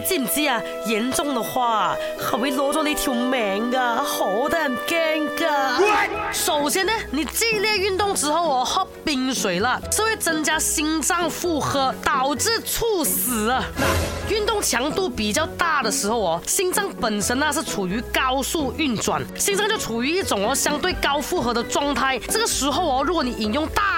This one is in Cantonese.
禁忌啊？嚴重的話可會攞咗你條命啊？好得人驚噶。What? 首先呢，你激烈運動之後哦，喝冰水啦，是會增加心臟負荷，導致猝死。No. 運動強度比較大的時候哦，心臟本身呢是處於高速運轉，心臟就處於一種哦相對高負荷的狀態。這個時候哦，如果你飲用大